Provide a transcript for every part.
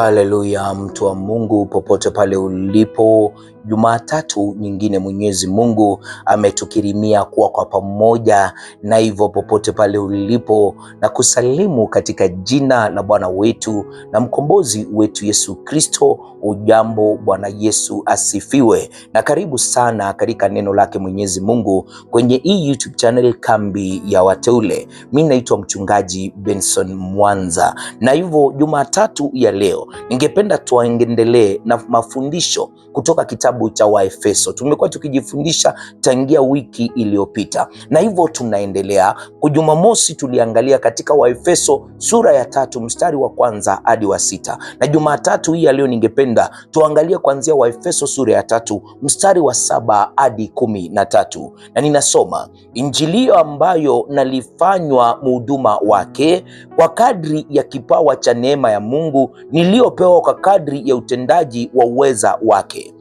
Haleluya, mtu wa Mungu, popote pale ulipo, Jumatatu nyingine Mwenyezi Mungu ametukirimia kuwa kwa pamoja, na hivyo popote pale ulipo na kusalimu katika jina la Bwana wetu na mkombozi wetu Yesu Kristo. Ujambo, Bwana Yesu asifiwe, na karibu sana katika neno lake Mwenyezi Mungu kwenye hii YouTube channel Kambi ya Wateule. Mimi naitwa mchungaji Benson Mwanza, na hivyo Jumatatu ya leo ningependa tuendelee na mafundisho kutoka kitabu kitabu cha Waefeso. Tumekuwa tukijifundisha tangia wiki iliyopita, na hivyo tunaendelea. Kwa Jumamosi tuliangalia katika Waefeso sura ya tatu mstari wa kwanza hadi wa sita, na Jumatatu hii ya leo ningependa tuangalie kuanzia Waefeso sura ya tatu mstari wa saba hadi kumi na tatu, na ninasoma Injilio ambayo nalifanywa muhuduma wake kwa kadri ya kipawa cha neema ya Mungu niliyopewa kwa kadri ya utendaji wa uweza wake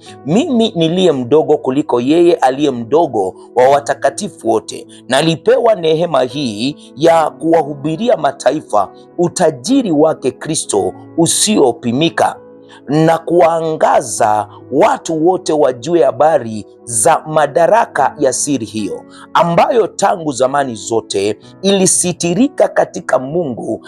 mimi niliye mdogo kuliko yeye aliye mdogo wa watakatifu wote, nalipewa neema hii ya kuwahubiria mataifa utajiri wake Kristo usiopimika na kuwaangaza watu wote wajue habari za madaraka ya siri hiyo ambayo tangu zamani zote ilisitirika katika Mungu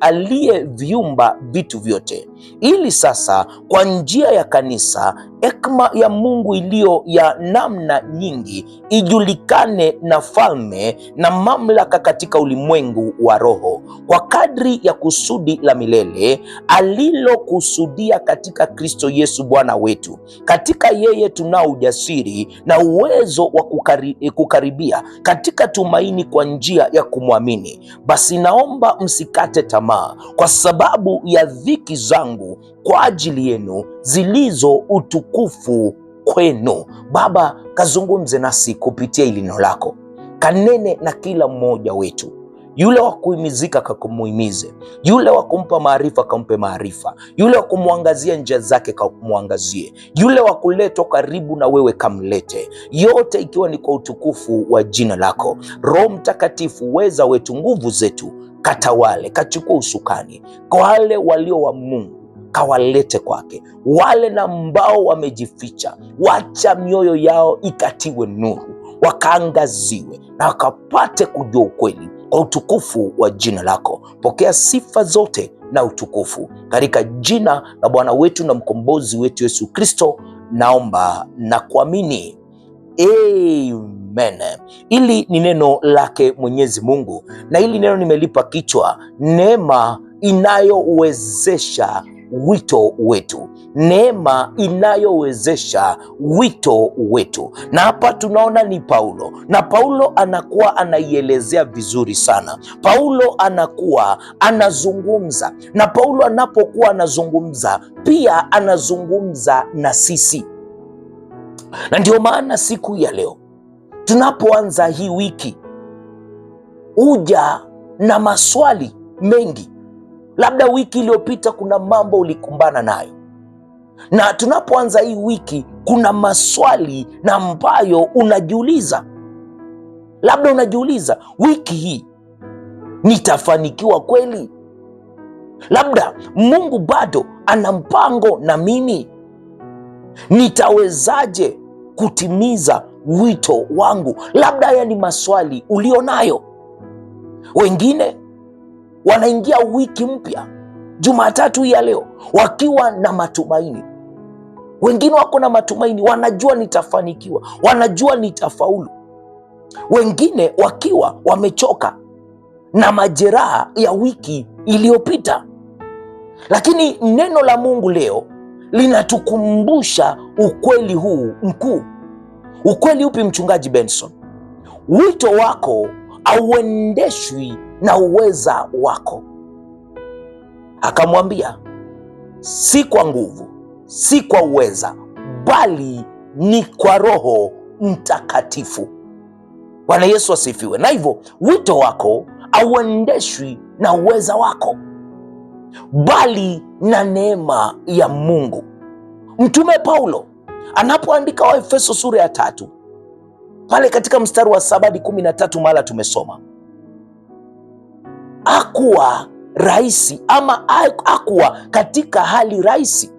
aliyeviumba vitu vyote, ili sasa kwa njia ya kanisa hekima ya Mungu iliyo ya namna nyingi ijulikane na falme na mamlaka katika ulimwengu wa roho kwa kadri ya kusudi la milele alilokusudia katika Kristo Yesu Bwana wetu. Katika yeye tunao ujasiri na uwezo wa kukari, eh, kukaribia katika tumaini kwa njia ya kumwamini. Basi naomba msikate tamaa kwa sababu ya dhiki zangu kwa ajili yenu zilizo utukufu kwenu. Baba, kazungumze nasi kupitia ilino neno lako, kanene na kila mmoja wetu yule wa kuhimizika kakumhimize, yule wa kumpa maarifa kampe maarifa, yule wa kumwangazia njia zake kamwangazie, yule wa kuletwa karibu na wewe kamlete. Yote ikiwa ni kwa utukufu wa jina lako. Roho Mtakatifu, weza wetu, nguvu zetu, katawale, kachukua usukani kwa wale walio wa Mungu kawalete kwake, wale na ambao wamejificha, wacha mioyo yao ikatiwe nuru, wakaangaziwe na wakapate kujua ukweli kwa utukufu wa jina lako. Pokea sifa zote na utukufu katika jina la Bwana wetu na mkombozi wetu Yesu Kristo, naomba na kuamini amen. Hili ni neno lake Mwenyezi Mungu, na hili neno nimelipa kichwa neema inayowezesha wito wetu, neema inayowezesha wito wetu. Na hapa tunaona ni Paulo, na Paulo anakuwa anaielezea vizuri sana. Paulo anakuwa anazungumza, na Paulo anapokuwa anazungumza pia anazungumza na sisi, na ndio maana siku ya leo tunapoanza hii wiki uja na maswali mengi Labda wiki iliyopita kuna mambo ulikumbana nayo, na tunapoanza hii wiki kuna maswali na ambayo unajiuliza, labda unajiuliza wiki hii nitafanikiwa kweli? Labda Mungu bado ana mpango na mimi, nitawezaje kutimiza wito wangu? Labda haya ni maswali ulionayo. Wengine wanaingia wiki mpya Jumatatu hii ya leo wakiwa na matumaini. Wengine wako na matumaini, wanajua nitafanikiwa, wanajua nitafaulu. Wengine wakiwa wamechoka na majeraha ya wiki iliyopita. Lakini neno la Mungu leo linatukumbusha ukweli huu mkuu. Ukweli upi, mchungaji Benson? Wito wako hauendeshwi na uweza wako. Akamwambia, si kwa nguvu, si kwa uweza, bali ni kwa Roho Mtakatifu. Bwana Yesu asifiwe. Na hivyo wito wako hauendeshwi na uweza wako, bali na neema ya Mungu. Mtume Paulo anapoandika Waefeso sura ya tatu pale katika mstari wa saba hadi kumi na tatu mara tumesoma akuwa rahisi ama akuwa katika hali rahisi,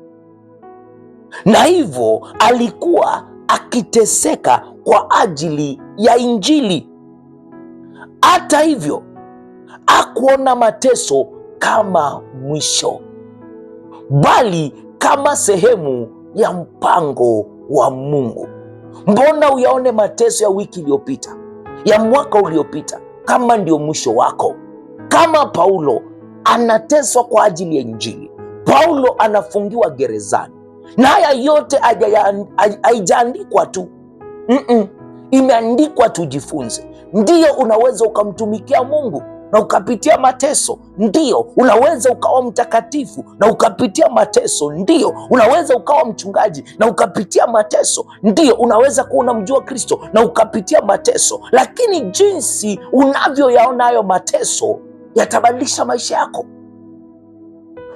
na hivyo alikuwa akiteseka kwa ajili ya Injili. Hata hivyo akuona mateso kama mwisho, bali kama sehemu ya mpango wa Mungu. Mbona uyaone mateso ya wiki iliyopita, ya mwaka uliopita, kama ndio mwisho wako? Kama Paulo anateswa kwa ajili ya Injili, Paulo anafungiwa gerezani, na haya yote haijaandikwa tu mm -mm. Imeandikwa tujifunze, ndiyo unaweza ukamtumikia Mungu na ukapitia mateso, ndio unaweza ukawa mtakatifu na ukapitia mateso, ndio unaweza ukawa mchungaji na ukapitia mateso, ndio unaweza kuwa unamjua Kristo na ukapitia mateso. Lakini jinsi unavyoyaona hayo mateso yatabadilisha maisha yako.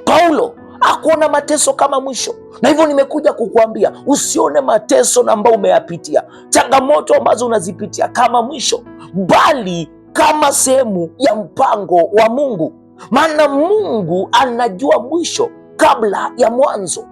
Paulo akuona mateso kama mwisho, na hivyo nimekuja kukuambia usione mateso ambao umeyapitia, changamoto ambazo unazipitia kama mwisho, bali kama sehemu ya mpango wa Mungu, maana Mungu anajua mwisho kabla ya mwanzo.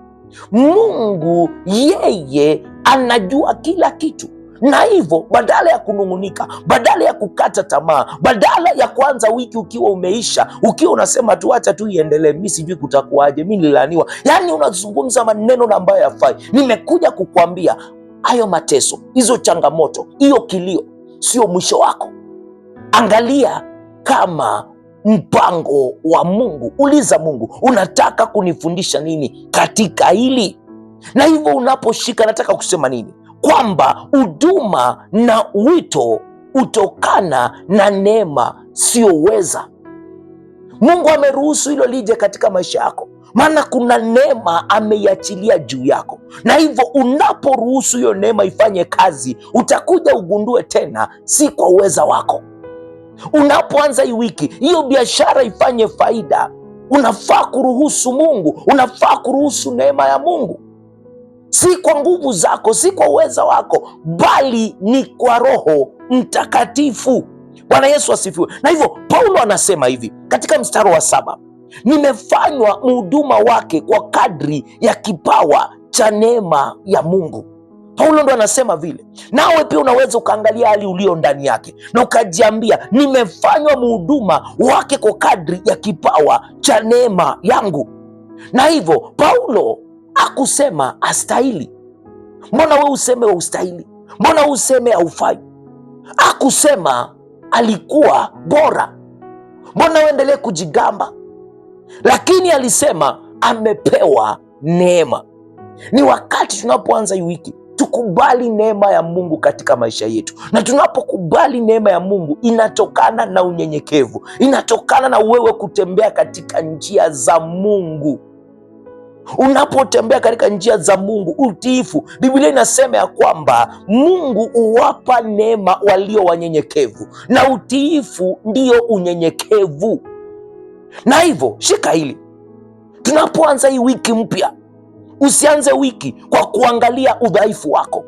Mungu yeye anajua kila kitu, na hivyo badala ya kunung'unika, badala ya kukata tamaa, badala ya kuanza wiki ukiwa umeisha, ukiwa unasema tu acha tu iendelee, mi sijui kutakuwaje, mi nililaaniwa, yaani unazungumza maneno na ambayo yafai. Nimekuja kukuambia hayo mateso, hizo changamoto, hiyo kilio sio mwisho wako. Angalia kama mpango wa Mungu. Uliza Mungu, unataka kunifundisha nini katika hili? Na hivyo unaposhika, nataka kusema nini? Kwamba huduma na wito hutokana na neema, siyoweza. Mungu ameruhusu hilo lije katika maisha yako, maana kuna neema ameiachilia juu yako, na hivyo unaporuhusu hiyo neema ifanye kazi, utakuja ugundue tena si kwa uweza wako Unapoanza hii wiki, hiyo biashara ifanye faida, unafaa kuruhusu Mungu, unafaa kuruhusu neema ya Mungu, si kwa nguvu zako, si kwa uweza wako, bali ni kwa Roho Mtakatifu. Bwana Yesu asifiwe. Na hivyo Paulo anasema hivi katika mstari wa saba, nimefanywa mhuduma wake kwa kadri ya kipawa cha neema ya Mungu. Paulo ndo anasema vile. Nawe pia unaweza ukaangalia hali ulio ndani yake na ukajiambia, nimefanywa muhuduma wake kwa kadri ya kipawa cha neema yangu. Na hivyo Paulo akusema astahili. Mbona we useme wa ustahili? Mbona useme haufai? Akusema alikuwa bora. Mbona uendelee kujigamba? Lakini alisema amepewa neema. Ni wakati tunapoanza hii wiki tukubali neema ya Mungu katika maisha yetu, na tunapokubali neema ya Mungu inatokana na unyenyekevu, inatokana na wewe kutembea katika njia za Mungu. Unapotembea katika njia za Mungu, utiifu. Biblia inasema ya kwamba Mungu huwapa neema walio wanyenyekevu, na utiifu ndio unyenyekevu. Na hivyo shika hili, tunapoanza hii wiki mpya Usianze wiki kwa kuangalia udhaifu wako.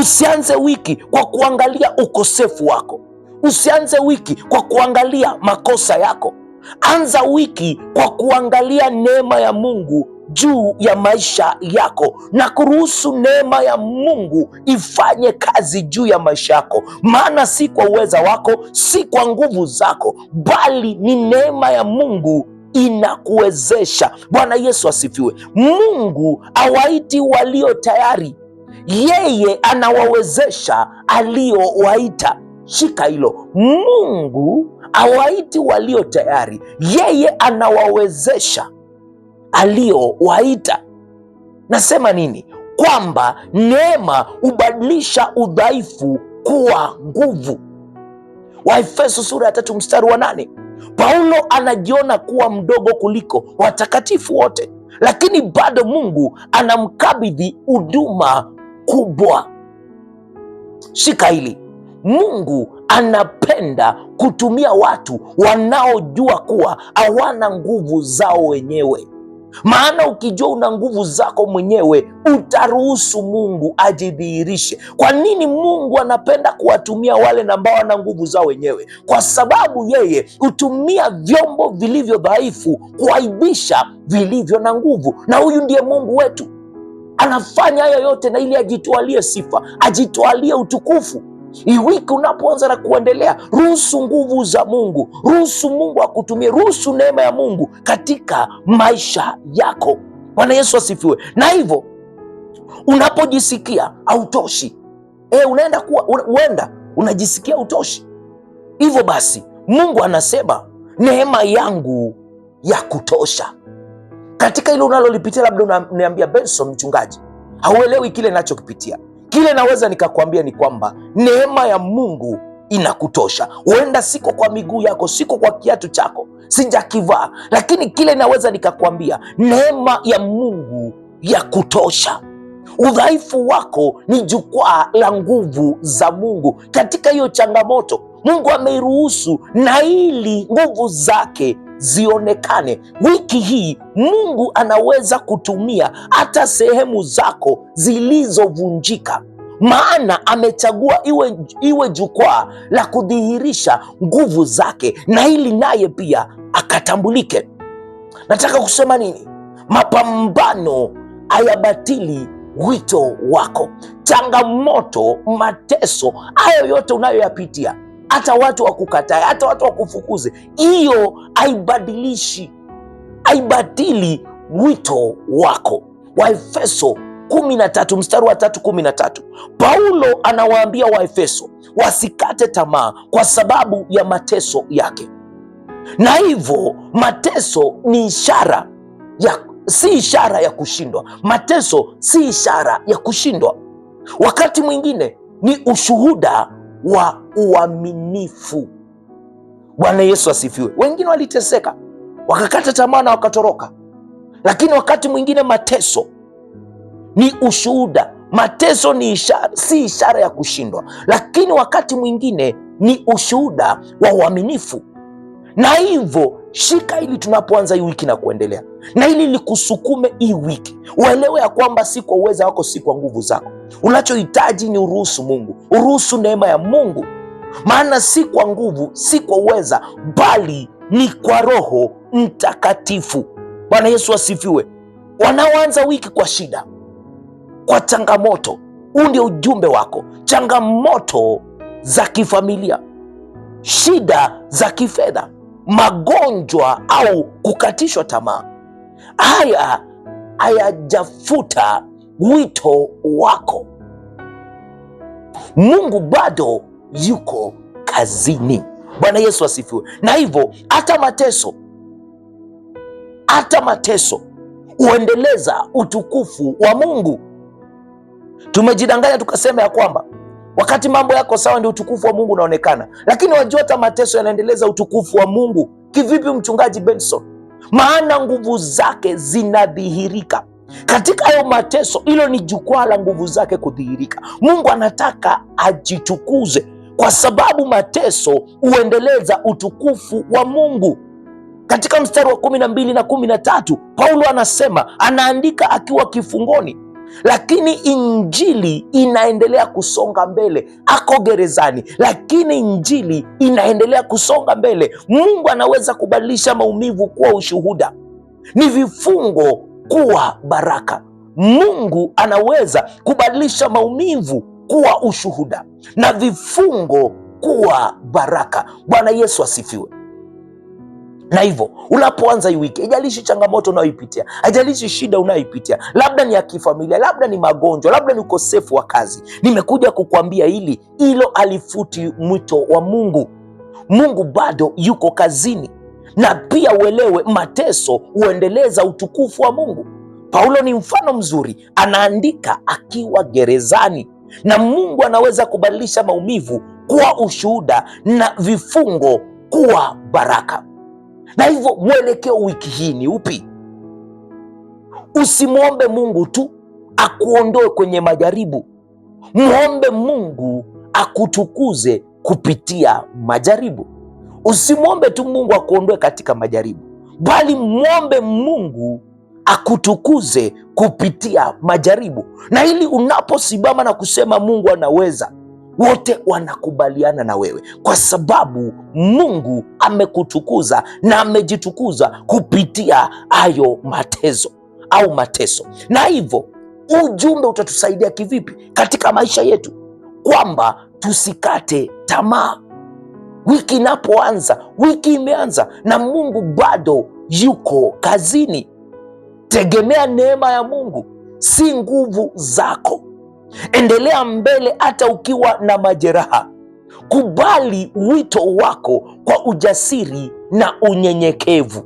Usianze wiki kwa kuangalia ukosefu wako. Usianze wiki kwa kuangalia makosa yako. Anza wiki kwa kuangalia neema ya Mungu juu ya maisha yako na kuruhusu neema ya Mungu ifanye kazi juu ya maisha yako, maana si kwa uweza wako, si kwa nguvu zako, bali ni neema ya Mungu inakuwezesha. Bwana Yesu asifiwe. Mungu awaiti walio tayari, yeye anawawezesha aliowaita. Shika hilo. Mungu awaiti walio tayari, yeye anawawezesha aliowaita. Nasema nini? Kwamba neema hubadilisha udhaifu kuwa nguvu. Waefeso sura ya tatu mstari wa nane. Paulo anajiona kuwa mdogo kuliko watakatifu wote, lakini bado Mungu anamkabidhi huduma kubwa. Shika hili, Mungu anapenda kutumia watu wanaojua kuwa hawana nguvu zao wenyewe maana ukijua una nguvu zako mwenyewe utaruhusu Mungu ajidhihirishe. Kwa nini Mungu anapenda kuwatumia wale ambao wana nguvu zao wenyewe? Kwa sababu yeye hutumia vyombo vilivyo dhaifu kuaibisha vilivyo na nguvu, na huyu ndiye Mungu wetu. Anafanya haya yote na ili ajitwalie sifa, ajitwalie utukufu hii wiki unapoanza na kuendelea, ruhusu nguvu za Mungu, ruhusu Mungu akutumie, ruhusu neema ya Mungu katika maisha yako. Bwana Yesu asifiwe. Na hivyo unapojisikia hautoshi, e, unaenda kuwa huenda unajisikia hautoshi, hivyo basi Mungu anasema neema yangu ya kutosha katika hilo unalolipitia. Labda unaniambia Benson, mchungaji, hauelewi kile nachokipitia. Kile naweza nikakwambia ni kwamba neema ya Mungu inakutosha. Huenda siko kwa miguu yako, siko kwa kiatu chako, sijakivaa, lakini kile naweza nikakwambia, neema ya Mungu ya kutosha. Udhaifu wako ni jukwaa la nguvu za Mungu. Katika hiyo changamoto, Mungu ameiruhusu na ili nguvu zake zionekane. Wiki hii Mungu anaweza kutumia hata sehemu zako zilizovunjika maana amechagua iwe, iwe jukwaa la kudhihirisha nguvu zake na ili naye pia akatambulike. Nataka kusema nini? Mapambano hayabatili wito wako. Changamoto, mateso, hayo yote unayoyapitia, hata watu wakukatae, hata watu wakufukuze, hiyo haibadilishi, haibatili wito wako. Waefeso kumi na tatu mstari wa tatu kumi na tatu Paulo anawaambia Waefeso wasikate tamaa kwa sababu ya mateso yake, na hivyo mateso ni ishara ya, si ishara ya kushindwa. Mateso si ishara ya kushindwa, wakati mwingine ni ushuhuda wa uaminifu. Bwana Yesu asifiwe. Wengine waliteseka wakakata tamaa na wakatoroka, lakini wakati mwingine mateso ni ushuhuda. Mateso ni ishara, si ishara ya kushindwa, lakini wakati mwingine ni ushuhuda wa uaminifu. Na hivyo shika hili tunapoanza hii wiki na kuendelea, na hili likusukume hii wiki, uelewe ya kwamba si kwa uweza wako, si kwa nguvu zako. Unachohitaji ni uruhusu Mungu, uruhusu neema ya Mungu, maana si kwa nguvu, si kwa uweza, bali ni kwa Roho Mtakatifu. Bwana Yesu asifiwe. Wanaoanza wiki kwa shida kwa changamoto. Huu ndio ujumbe wako, changamoto za kifamilia, shida za kifedha, magonjwa au kukatishwa tamaa. Haya hayajafuta wito wako. Mungu bado yuko kazini. Bwana Yesu asifiwe. Na hivyo hata mateso, hata mateso huendeleza utukufu wa Mungu. Tumejidanganya tukasema ya kwamba wakati mambo yako sawa ndio utukufu wa Mungu unaonekana, lakini wajua hata mateso yanaendeleza utukufu wa Mungu. Kivipi mchungaji Benson? Maana nguvu zake zinadhihirika katika hayo mateso. Hilo ni jukwaa la nguvu zake kudhihirika. Mungu anataka ajitukuze, kwa sababu mateso huendeleza utukufu wa Mungu. Katika mstari wa kumi na mbili na kumi na tatu Paulo anasema, anaandika akiwa kifungoni lakini injili inaendelea kusonga mbele. Ako gerezani, lakini injili inaendelea kusonga mbele. Mungu anaweza kubadilisha maumivu kuwa ushuhuda, ni vifungo kuwa baraka. Mungu anaweza kubadilisha maumivu kuwa ushuhuda na vifungo kuwa baraka. Bwana Yesu asifiwe na hivyo unapoanza hii wiki, haijalishi changamoto unayoipitia, haijalishi shida unayoipitia, labda ni ya kifamilia, labda ni magonjwa, labda ni ukosefu wa kazi, nimekuja kukuambia hili, hilo alifuti mwito wa Mungu. Mungu bado yuko kazini, na pia uelewe, mateso huendeleza utukufu wa Mungu. Paulo ni mfano mzuri, anaandika akiwa gerezani, na Mungu anaweza kubadilisha maumivu kuwa ushuhuda na vifungo kuwa baraka. Na hivyo mwelekeo wiki hii ni upi? Usimwombe Mungu tu akuondoe kwenye majaribu, mwombe Mungu akutukuze kupitia majaribu. Usimwombe tu Mungu akuondoe katika majaribu, bali mwombe Mungu akutukuze kupitia majaribu. Na ili unaposimama na kusema Mungu anaweza, wote wanakubaliana na wewe, kwa sababu Mungu amekutukuza na amejitukuza kupitia hayo matezo au mateso. Na hivyo ujumbe utatusaidia kivipi katika maisha yetu? Kwamba tusikate tamaa. Wiki inapoanza, wiki imeanza na Mungu bado yuko kazini. Tegemea neema ya Mungu, si nguvu zako. Endelea mbele hata ukiwa na majeraha. Kubali wito wako kwa ujasiri na unyenyekevu.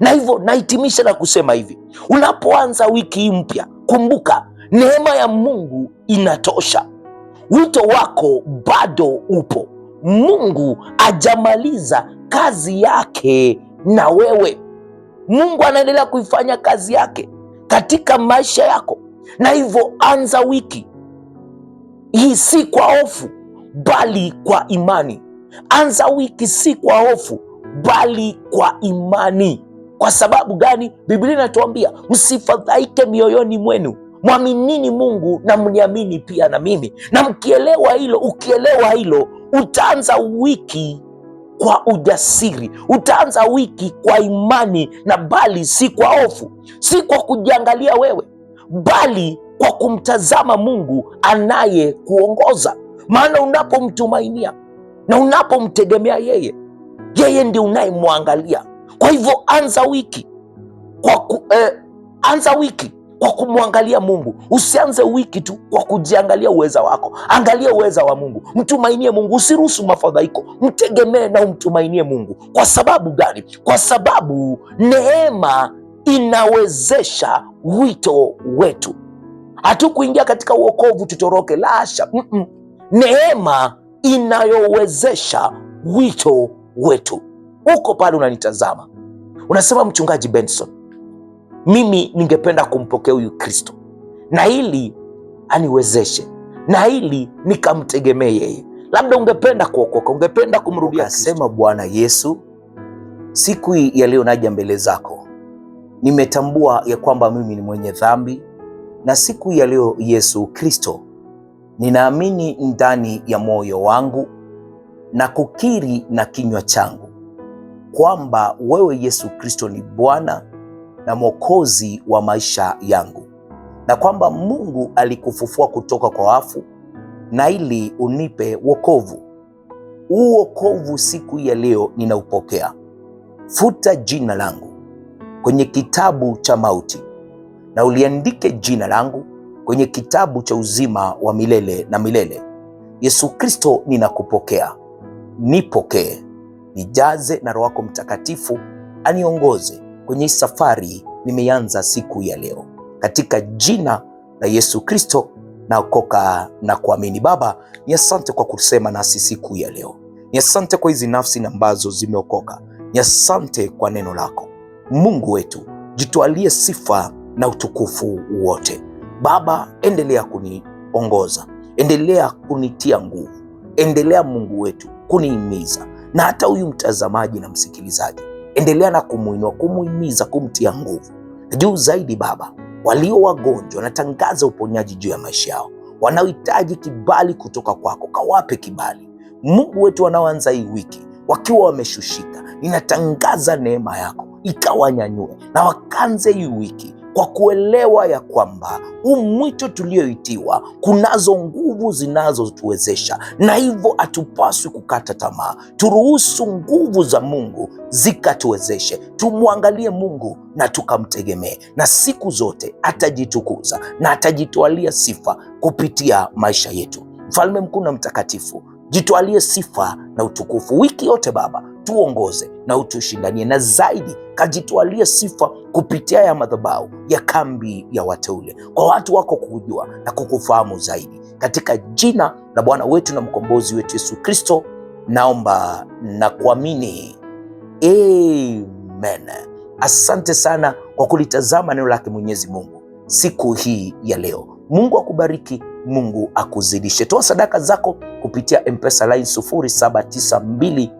Na hivyo nahitimisha na kusema hivi, unapoanza wiki mpya, kumbuka neema ya Mungu inatosha. Wito wako bado upo. Mungu ajamaliza kazi yake na wewe. Mungu anaendelea kuifanya kazi yake katika maisha yako. Na hivyo anza wiki hii si kwa hofu, bali kwa imani. Anza wiki si kwa hofu, bali kwa imani. Kwa sababu gani? Biblia inatuambia msifadhaike mioyoni mwenu, mwaminini Mungu na mniamini pia na mimi. Na mkielewa hilo, ukielewa hilo, utaanza wiki kwa ujasiri, utaanza wiki kwa imani, na bali si kwa hofu, si kwa kujiangalia wewe bali kwa kumtazama Mungu anayekuongoza. Maana unapomtumainia na unapomtegemea yeye, yeye ndi unayemwangalia. Kwa hivyo anza wiki kwa ku, eh, anza wiki kwa kumwangalia Mungu. Usianze wiki tu kwa kujiangalia uweza wako, angalia uweza wa Mungu, mtumainie Mungu, usiruhusu mafadhaiko, mtegemee na umtumainie Mungu. Kwa sababu gani? Kwa sababu neema inawezesha wito wetu. Hatukuingia katika uokovu tutoroke, lasha mm -mm. Neema inayowezesha wito wetu. Uko pale unanitazama, unasema mchungaji Benson, mimi ningependa kumpokea huyu Kristo na ili aniwezeshe na ili nikamtegemee yeye. Labda ungependa kuokoka, ungependa kumrudia. Sema Bwana Yesu, siku ya leo naja mbele zako nimetambua ya kwamba mimi ni mwenye dhambi, na siku ya leo Yesu Kristo, ninaamini ndani ya moyo wangu na kukiri na kinywa changu kwamba wewe Yesu Kristo ni Bwana na Mwokozi wa maisha yangu, na kwamba Mungu alikufufua kutoka kwa wafu na ili unipe wokovu. Huu wokovu siku ya leo ninaupokea. Futa jina langu kwenye kitabu cha mauti, na uliandike jina langu kwenye kitabu cha uzima wa milele na milele. Yesu Kristo, ninakupokea, nipokee, nijaze na Roho wako Mtakatifu, aniongoze kwenye safari nimeanza siku ya leo, katika jina la Yesu Kristo naokoka na kuamini. Baba, ni asante kwa kusema nasi siku ya leo, ni asante kwa hizi nafsi ambazo zimeokoka, ni asante kwa neno lako Mungu wetu, jitwalie sifa na utukufu wote. Baba, endelea kuniongoza, endelea kunitia nguvu, endelea Mungu wetu kunihimiza, na hata huyu mtazamaji na msikilizaji, endelea na kumwinua, kumuhimiza, kumtia nguvu juu zaidi. Baba, walio wagonjwa, natangaza uponyaji juu ya maisha yao, wanaohitaji kibali kutoka kwako, kawape kibali Mungu wetu. Wanaoanza hii wiki wakiwa wameshushika, ninatangaza neema yako ikawanyanyue na wakanze hii wiki kwa kuelewa ya kwamba huu mwito tulioitiwa, kunazo nguvu zinazotuwezesha, na hivyo hatupaswi kukata tamaa. Turuhusu nguvu za Mungu zikatuwezeshe, tumwangalie Mungu na tukamtegemee, na siku zote atajitukuza na atajitwalia sifa kupitia maisha yetu. Mfalme mkuu na mtakatifu, jitwalie sifa na utukufu wiki yote Baba utuongoze na utushindanie, na zaidi kajitwalie sifa kupitia ya madhabahu ya kambi ya wateule, kwa watu wako kujua na kukufahamu zaidi, katika jina la Bwana wetu na mkombozi wetu Yesu Kristo naomba na kuamini, amen. Asante sana kwa kulitazama neno lake Mwenyezi Mungu siku hii ya leo. Mungu akubariki, Mungu akuzidishe. Toa sadaka zako kupitia Mpesa line 0792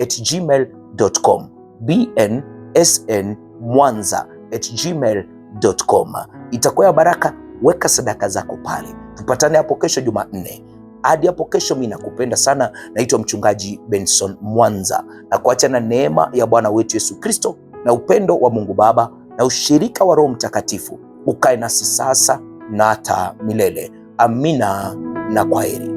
at gmail.com, bnsn mwanza at gmail.com. Itakuwa ya baraka. Weka sadaka zako pale, tupatane hapo kesho Jumanne. Hadi hapo kesho, mi nakupenda sana. Naitwa Mchungaji Benson Mwanza, na kuacha na neema ya Bwana wetu Yesu Kristo na upendo wa Mungu Baba na ushirika wa Roho Mtakatifu ukae nasi sasa na hata milele. Amina na kwaheri.